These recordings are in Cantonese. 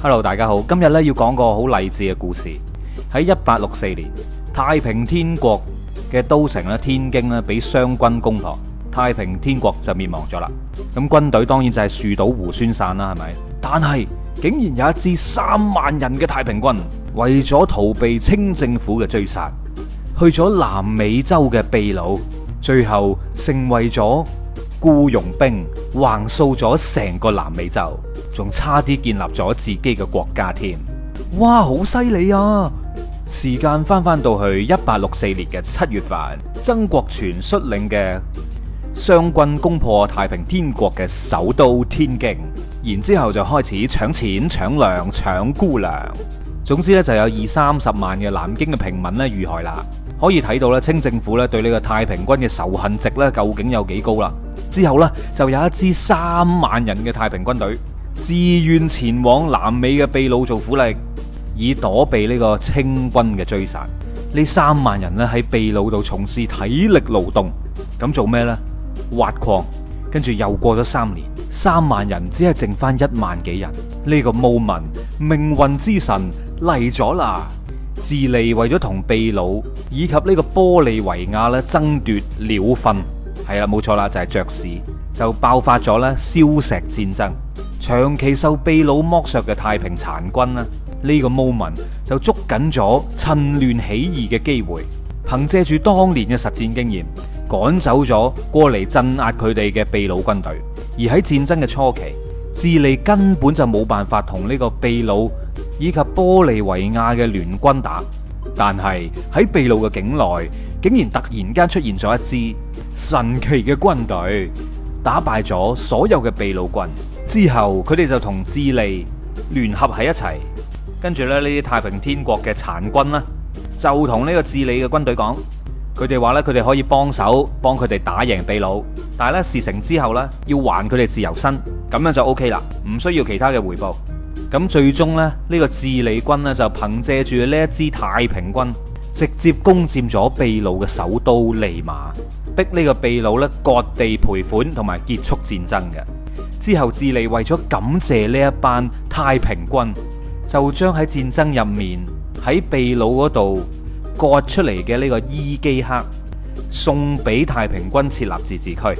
hello，大家好，今日咧要講個好勵志嘅故事。喺一八六四年，太平天國嘅都城啦，天京啦，俾湘軍攻破，太平天國就滅亡咗啦。咁軍隊當然就係樹倒猢猻散啦，係咪？但係竟然有一支三萬人嘅太平軍，為咗逃避清政府嘅追殺，去咗南美洲嘅秘魯，最後成為咗。雇傭兵橫掃咗成個南美洲，仲差啲建立咗自己嘅國家添。哇，好犀利啊！時間翻翻到去一八六四年嘅七月份，曾國荃率領嘅湘軍攻破太平天國嘅首都天京，然之後就開始搶錢、搶糧、搶姑娘。總之咧，就有二三十萬嘅南京嘅平民咧遇害啦。可以睇到咧，清政府咧對呢個太平軍嘅仇恨值咧究竟有幾高啦。之後咧就有一支三萬人嘅太平軍隊自願前往南美嘅秘魯做苦力，以躲避呢個清軍嘅追殺。呢三萬人咧喺秘魯度從事體力勞動，咁做咩呢？挖礦，跟住又過咗三年，三萬人只係剩翻一萬幾人。呢、這個牧民，命運之神。嚟咗啦！智利為咗同秘魯以及呢個玻利維亞咧爭奪鳥糞，係啦、啊，冇錯啦，就係、是、爵士就爆發咗咧硝石戰爭。長期受秘魯剝削嘅太平殘軍啦，呢、這個 moment 就捉緊咗趁亂起義嘅機會，憑借住當年嘅實戰經驗，趕走咗過嚟鎮壓佢哋嘅秘魯軍隊。而喺戰爭嘅初期，智利根本就冇辦法同呢個秘魯。以及玻利維亞嘅聯軍打，但係喺秘魯嘅境內，竟然突然間出現咗一支神奇嘅軍隊，打敗咗所有嘅秘魯軍。之後佢哋就同智利聯合喺一齊，跟住咧呢啲太平天國嘅殘軍咧，就同呢個智利嘅軍隊講，佢哋話咧佢哋可以幫手幫佢哋打贏秘魯，但係咧事成之後咧要還佢哋自由身，咁樣就 OK 啦，唔需要其他嘅回報。咁最終呢，呢個智利軍呢，就憑借住呢一支太平軍，直接攻佔咗秘魯嘅首都利馬，逼呢個秘魯呢割地賠款同埋結束戰爭嘅。之後智利為咗感謝呢一班太平軍，就將喺戰爭入面喺秘魯嗰度割出嚟嘅呢個伊基克送俾太平軍設立自治區。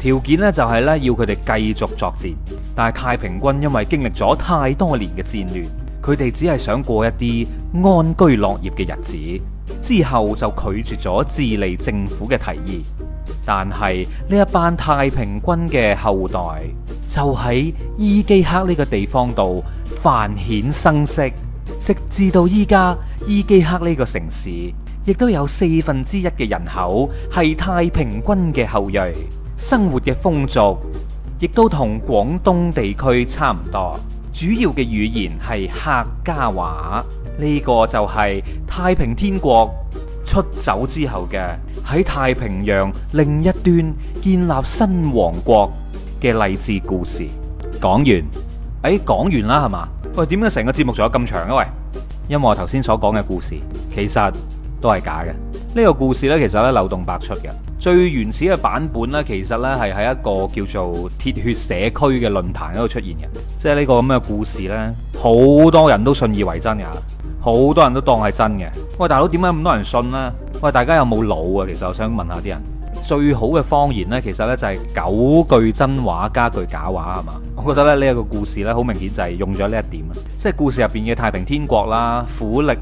條件呢，就係咧，要佢哋繼續作戰。但係太平軍因為經歷咗太多年嘅戰亂，佢哋只係想過一啲安居樂業嘅日子，之後就拒絕咗智利政府嘅提議。但係呢一班太平軍嘅後代就喺伊基克呢個地方度繁衍生息，直至到依家伊基克呢個城市亦都有四分之一嘅人口係太平軍嘅後裔。生活嘅風俗亦都同廣東地區差唔多，主要嘅語言係客家話。呢個就係太平天國出走之後嘅喺太平洋另一端建立新王國嘅勵志故事。講完，誒，講完啦係嘛？喂，點解成個節目仲有咁長啊？喂，因為我頭先所講嘅故事，其實。都係假嘅。呢個故事呢，其實呢，漏洞百出嘅。最原始嘅版本呢，其實呢，係喺一個叫做《鐵血社區》嘅論壇嗰度出現嘅。即係呢個咁嘅故事呢，好多人都信以為真嘅，好多人都當係真嘅。喂，大佬點解咁多人信呢？喂，大家有冇腦啊？其實我想問下啲人。最好嘅謊言呢，其實呢，就係九句真話加句假話，係嘛？我覺得咧呢一個故事呢，好明顯就係用咗呢一點啊。即係故事入邊嘅太平天國啦、苦力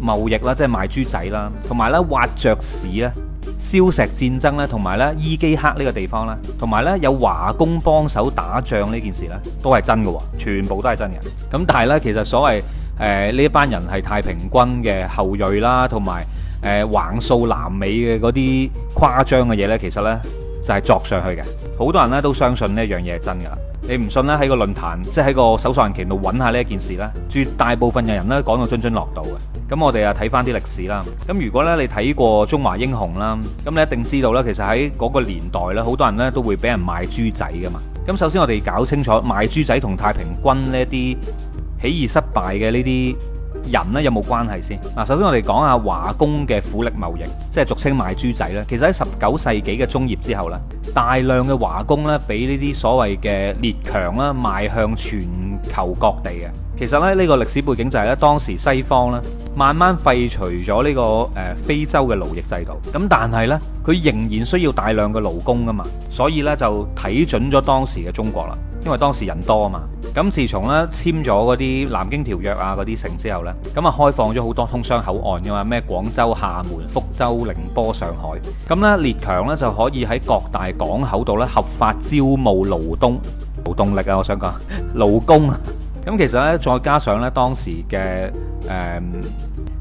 貿易啦，即係賣豬仔啦，同埋呢挖雀屎啊，硝石戰爭咧，同埋呢伊基克呢個地方咧，同埋呢有華工幫手打仗呢件事呢，都係真嘅喎，全部都係真嘅。咁但係呢，其實所謂誒呢、呃、一班人係太平軍嘅後裔啦，同埋誒橫掃南美嘅嗰啲誇張嘅嘢呢，其實呢就係作上去嘅。好多人呢都相信呢一樣嘢係真㗎啦。你唔信咧？喺個論壇，即係喺個搜索引擎度揾下呢一件事咧，絕大部分嘅人呢講到津津樂道嘅。咁我哋啊睇翻啲歷史啦。咁如果呢，你睇過《中華英雄》啦，咁你一定知道啦，其實喺嗰個年代呢，好多人呢都會俾人賣豬仔噶嘛。咁首先我哋搞清楚賣豬仔同太平軍呢啲起義失敗嘅呢啲人咧有冇關係先？嗱，首先我哋講下華工嘅苦力貿易，即係俗稱賣豬仔咧。其實喺十九世紀嘅中葉之後咧，大量嘅華工咧俾呢啲所謂嘅列強啦賣向全球各地嘅。其實咧呢個歷史背景就係咧，當時西方咧慢慢廢除咗呢個誒非洲嘅奴役制度，咁但係呢，佢仍然需要大量嘅勞工噶嘛，所以呢就睇準咗當時嘅中國啦。因為當時人多嘛，咁自從呢簽咗嗰啲南京條約啊嗰啲城之後呢，咁，啊開放咗好多通商口岸噶嘛，咩廣州、廈門、福州、寧波、上海，咁呢列強呢就可以喺各大港口度呢合法招募勞動勞動力啊，我想講勞工啊，咁 其實呢，再加上呢當時嘅誒。呃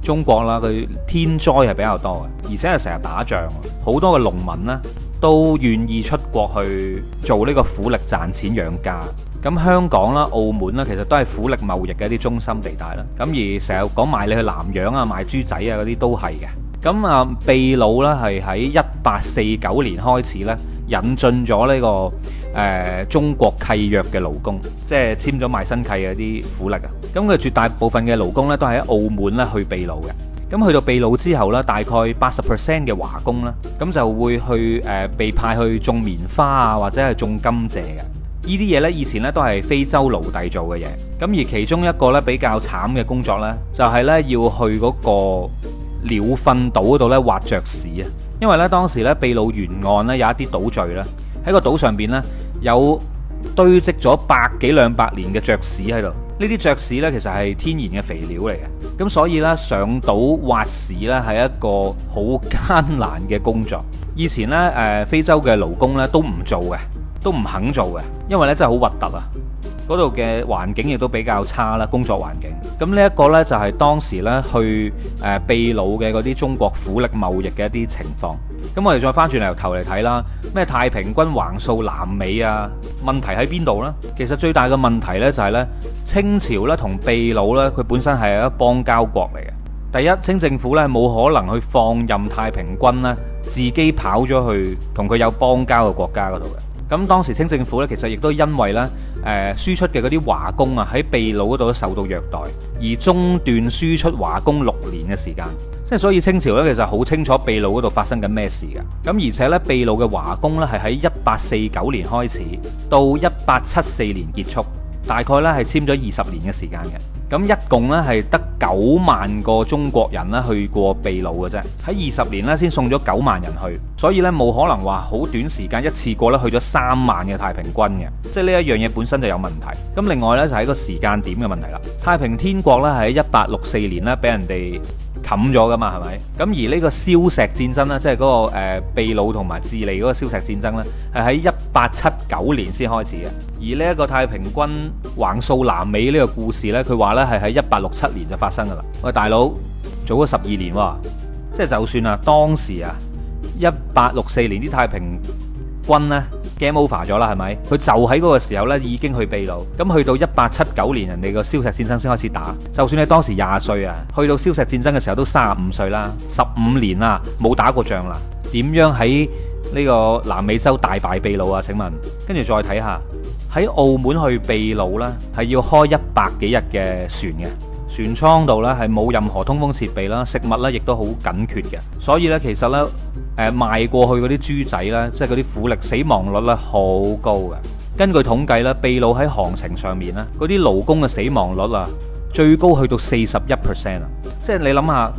中國啦，佢天災係比較多嘅，而且係成日打仗，好多嘅農民呢都願意出國去做呢個苦力賺錢養家。咁香港啦、澳門啦，其實都係苦力貿易嘅一啲中心地帶啦。咁而成日講賣你去南洋啊、賣豬仔啊嗰啲都係嘅。咁啊，秘魯呢係喺一八四九年開始呢。引進咗呢、這個誒、呃、中國契約嘅勞工，即係簽咗賣身契嗰啲苦力啊。咁佢絕大部分嘅勞工咧，都係喺澳門咧去秘魯嘅。咁去到秘魯之後咧，大概八十 percent 嘅華工啦，咁就會去誒、呃、被派去種棉花啊，或者係種甘蔗嘅。呢啲嘢呢，以前咧都係非洲奴隸做嘅嘢。咁而其中一個咧比較慘嘅工作呢，就係、是、咧要去嗰個鳥糞島嗰度咧挖雀屎啊！因為咧當時咧秘魯沿岸咧有一啲島墜嶼啦，喺個島上邊咧有堆積咗百幾兩百年嘅雀屎喺度，呢啲雀屎咧其實係天然嘅肥料嚟嘅，咁所以咧上島挖屎咧係一個好艱難嘅工作，以前咧誒非洲嘅勞工咧都唔做嘅。都唔肯做嘅，因為咧真係好核突啊！嗰度嘅環境亦都比較差啦，工作環境。咁呢一個呢，就係當時呢去誒秘魯嘅嗰啲中國苦力貿易嘅一啲情況。咁我哋再翻轉嚟頭嚟睇啦，咩太平軍橫掃南美啊？問題喺邊度呢？其實最大嘅問題呢，就是，就係呢清朝呢同秘魯呢，佢本身係一邦交國嚟嘅。第一，清政府呢，冇可能去放任太平軍呢自己跑咗去同佢有邦交嘅國家嗰度嘅。咁當時清政府咧，其實亦都因為咧，誒、呃、輸出嘅嗰啲華工啊，喺秘魯嗰度受到虐待，而中斷輸出華工六年嘅時間，即係所以清朝咧其實好清楚秘魯嗰度發生緊咩事嘅。咁而且咧，秘魯嘅華工咧係喺一八四九年開始，到一八七四年結束，大概咧係簽咗二十年嘅時間嘅。咁一共呢，係得九萬個中國人呢去過秘魯嘅啫，喺二十年呢，先送咗九萬人去，所以呢，冇可能話好短時間一次過呢去咗三萬嘅太平軍嘅，即係呢一樣嘢本身就有問題。咁另外呢，就係個時間點嘅問題啦，太平天國呢，係喺一八六四年呢，俾人哋。冚咗噶嘛，係咪？咁而呢個硝石戰爭呢，即係嗰個誒秘魯同埋智利嗰個硝石戰爭呢，係喺一八七九年先開始嘅。而呢一個太平軍橫掃南美呢個故事呢，佢話呢係喺一八六七年就發生㗎啦。喂，大佬，早咗十二年喎，即係就算啊，當時啊，一八六四年啲太平軍呢 game over 咗啦，係咪？佢就喺嗰個時候呢已經去秘魯，咁去到一八七九年，人哋個硝石戰爭先開始打。就算你當時廿歲啊，去到硝石戰爭嘅時候都三十五歲啦，十五年啦，冇打過仗啦，點樣喺呢個南美洲大敗秘魯啊？請問，跟住再睇下喺澳門去秘魯呢，係要開一百幾日嘅船嘅。船艙度呢係冇任何通風設備啦，食物呢亦都好緊缺嘅，所以呢，其實呢，誒賣過去嗰啲豬仔呢，即係嗰啲苦力死亡率呢，好高嘅。根據統計呢，秘魯喺航程上面呢，嗰啲勞工嘅死亡率啊，最高去到四十一 percent 啊，即係你諗下。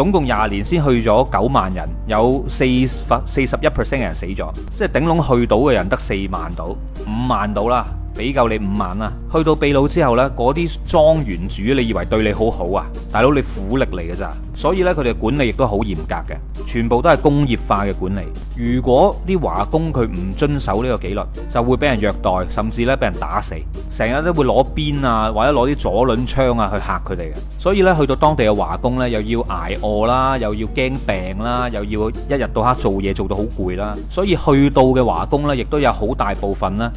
總共廿年先去咗九萬人，有四十一 percent 嘅人死咗，即係頂籠去到嘅人得四萬到五萬到啦，俾夠你五萬啦。去到秘魯之後呢，嗰啲莊園主你以為對你好好啊？大佬你苦力嚟㗎咋，所以呢，佢哋管理亦都好嚴格嘅。全部都係工業化嘅管理。如果啲華工佢唔遵守呢個紀律，就會俾人虐待，甚至呢，俾人打死。成日都會攞鞭啊，或者攞啲左輪槍啊去嚇佢哋嘅。所以呢，去到當地嘅華工呢，又要捱餓啦，又要驚病啦，又要一日到黑做嘢做到好攰啦。所以去到嘅華工呢，亦都有好大部分啦。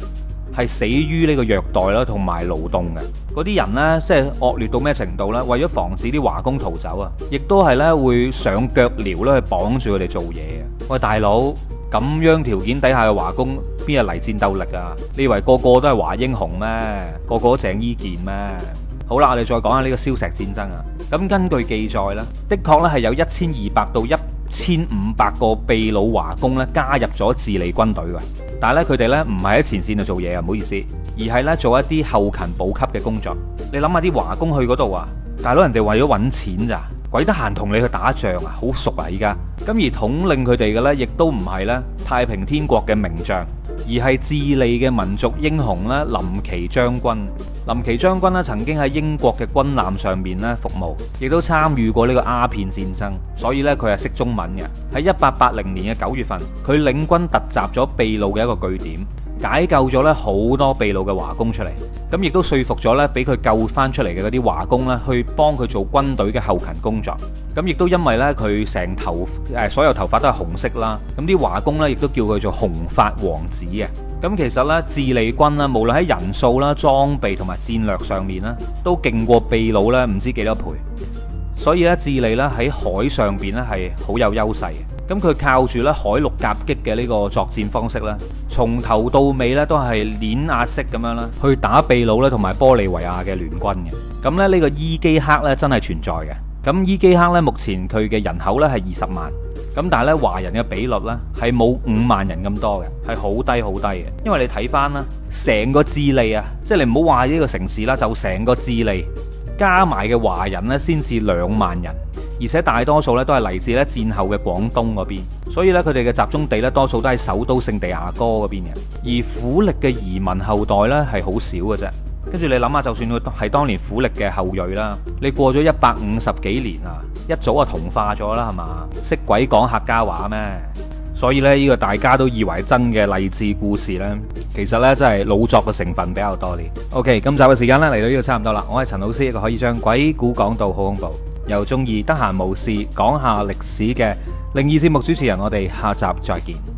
係死於呢個虐待啦，同埋勞動嘅嗰啲人咧，即係惡劣到咩程度咧？為咗防止啲華工逃走啊，亦都係咧會上腳鐐咧去綁住佢哋做嘢啊！喂，大佬咁樣條件底下嘅華工，邊有嚟戰鬥力啊？你以為個個都係華英雄咩？個個都鄭伊健咩？好啦，我哋再講下呢個硝石戰爭啊！咁根據記載咧，的確咧係有一千二百到一千五百個秘魯華工咧加入咗智利軍隊嘅，但係咧佢哋咧唔係喺前線度做嘢啊，唔好意思，而係咧做一啲後勤補給嘅工作。你諗下啲華工去嗰度啊，大佬人哋為咗揾錢咋，鬼得閒同你去打仗啊，好熟啊，而家。咁而統領佢哋嘅咧，亦都唔係咧太平天國嘅名將。而係智利嘅民族英雄咧，林奇將軍。林奇將軍咧，曾經喺英國嘅軍艦上面咧服務，亦都參與過呢個鴉片戰爭，所以呢，佢係識中文嘅。喺一八八零年嘅九月份，佢領軍突襲咗秘魯嘅一個據點。解救咗咧好多秘魯嘅華工出嚟，咁亦都說服咗咧，俾佢救翻出嚟嘅嗰啲華工啦，去幫佢做軍隊嘅後勤工作。咁亦都因為咧，佢成頭誒所有頭髮都係紅色啦，咁啲華工咧亦都叫佢做紅髮王子嘅。咁其實咧智利軍咧，無論喺人數啦、裝備同埋戰略上面啦，都勁過秘魯咧唔知幾多倍。所以咧智利咧喺海上邊咧係好有優勢。咁佢靠住咧海陸夾擊嘅呢個作戰方式咧，從頭到尾咧都係碾壓式咁樣啦，去打秘魯咧同埋玻利維亞嘅聯軍嘅。咁咧呢個伊基克咧真係存在嘅。咁伊基克咧目前佢嘅人口咧係二十萬，咁但係咧華人嘅比率咧係冇五萬人咁多嘅，係好低好低嘅。因為你睇翻啦，成個智利啊，即係你唔好話呢個城市啦，就成個智利加埋嘅華人呢先至兩萬人。而且大多數咧都係嚟自咧戰後嘅廣東嗰邊，所以咧佢哋嘅集中地咧多數都喺首都聖地亞哥嗰邊嘅。而苦力嘅移民後代咧係好少嘅啫。跟住你諗下，就算佢係當年苦力嘅後裔啦，你過咗一百五十幾年啊，一早啊同化咗啦，係嘛？識鬼講客家話咩？所以咧呢個大家都以為真嘅勵志故事呢，其實呢，真係老作嘅成分比較多啲。OK，今集嘅時間咧嚟到呢度差唔多啦。我係陳老師，一個可以將鬼故講到好恐怖，又中意得閒無事講下歷史嘅靈異節目主持人，我哋下集再見。